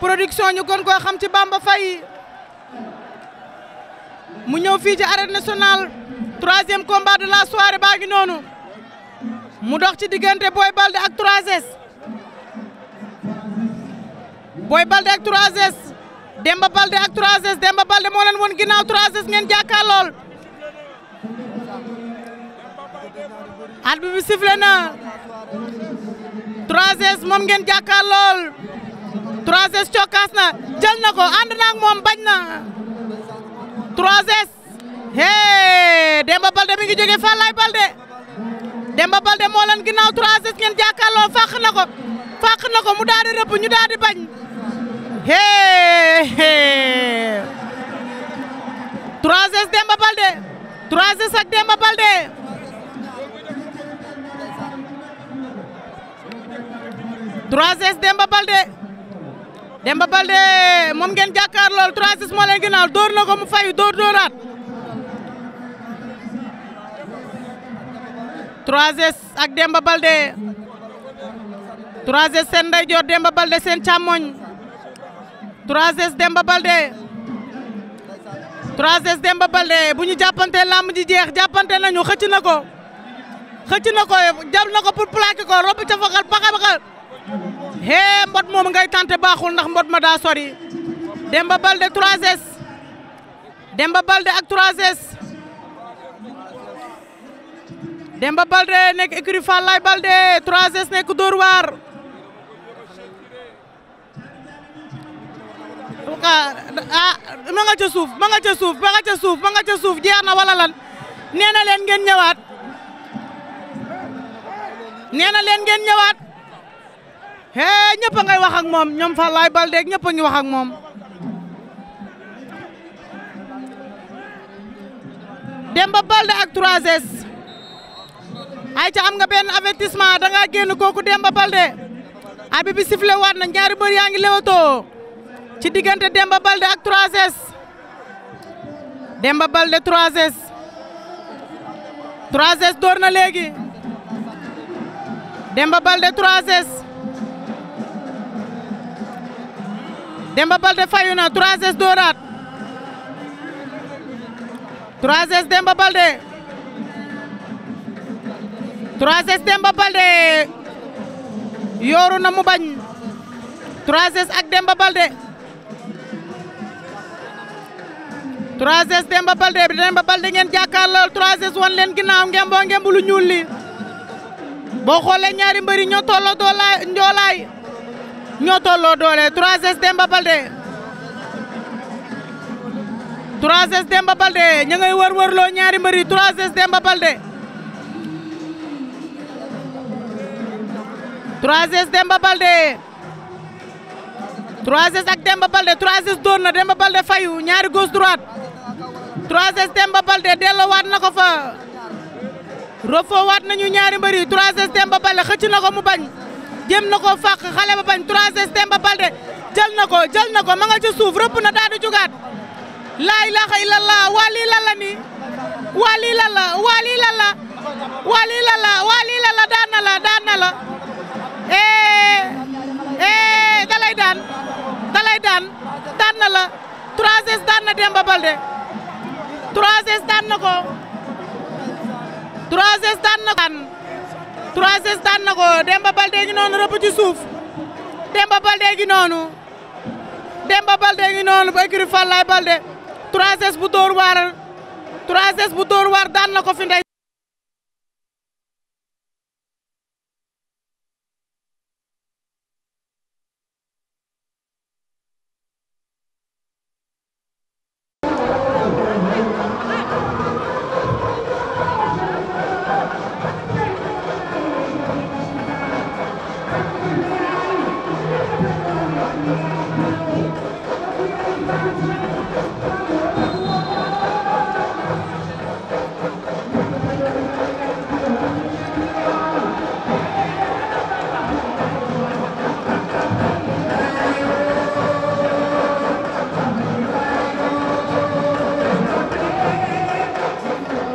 production ñu gën koo xam ci Bamba mu ñëw fii ci arène nationale troisième combat baa ngi noonu mu dox ci diggante Boy Balde ak 3S Boy Balde ak 3S Demba Balde ak 3S Demba Balde moo leen woon ginnaaw 3S ngeen jàkkaar lool moom ngeen jàkkaar 3S cokkaas na jël na ko ànd na ak moom bañ na 3S hee Demba Balde mi ngi jóge Fallaye Balde Demba Balde moo leen ginnaaw 3S ngeen jàkkaarloo fàq na ko fàq na ko mu daal di rëpp ñu daal di bañ hee 3S Demba Balde 3 ak Demba Balde. Trois Demba Balde Demba Baldé moom ngeen jàkkaar lool 3-6 moo leen ginnaaw dóor na ko mu fayu dóor dóoraat 3 ak Demba Baldé 3 seen ndeyjoor Demba Baldé seen càmmoñ 3-6 Demba Baldé 3-6 Demba Baldé bu ñu jàppante làmb ji jeex jàppante nañu xëcc na ko xëcc na ko jàpp na ko pour plaqué ko rob ca faxal hee mbot moom ngay tante baaxul ndax mbot ma daa sori Demba Balde 3S Demba de ak 3S Demba Balde nekk écurie Fallaye Balde 3S nekk Dóor waar ah ma nga ca suuf ma nga ca suuf ma nga ca suuf ma nga ca suuf jeex na wala lan nee na leen ngeen ñëwaat nee na leen ngeen ñëwaat. hee ñëpp a ngay ak moom ñoom fa laay bal deeg ñëpp a ngi ak moom Demba Balde ak 3S ay ca am nga benn avertissement da ngaa génn kooku Demba Balde abi bi sifflé waat na ñaari mbër yaa ngi lewatoo ci diggante Demba Balde ak 3S Demba Balde 3S door na léegi Demba Balde 3 Demba Balde fayu na 3S dooraat 3S Demba Balde yooru na mu bañ 3 ak Demba Balde 3S Demba Balde Demba Balde ngeen jàkkaarloo 3S wan leen ginnaaw ngeen boo ñuul li boo xoolee ñaari mbëri ñoo tolloo njoolaay. ñoo tolloo doole 3S Demba Baldé 3S Demba Baldé ngay wër wër loo ñaari mbëri 3S Demba Baldé 3S Demba Baldé 3S ak Demba Baldé 3 doon na Demba Baldé fayu ñaari gauche droite 3S Demba Baldé delloowaat na ko fa refoowaat nañu ñaari mbëri 3S Demba Baldé xëcc na ko mu bañ jéem na ko fàq xale ba bañ 3 ba Balde na ko jël na ko ma nga ci suuf rëpp na daadu jugaat laa ilaha illallah waa lii lan la nii waa lii lan la waa lii lan la waa la waa lii lan la daan na la daan na la eh eh dalay daan dalay daan daan na la 3 daan na Demba Balde 3 daan na ko 3 daan na ko 3S ko Demba Baldé ngi noonu rëpp ci suuf Demba Baldé ngi noonu Demba Baldé ngi noonu ba écurie Fallaye Baldé 3S bu Dóor waar 3S bu Dóor ko fi